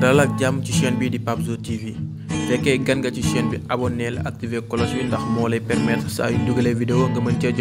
dalal ak jàmm ci chaîne bi di Papzo TV fekkee gan nga ci chaîne bi abonneel activé cloche bi ndax moo lay permettre saa yu dugalee vidéo nga mën cee jot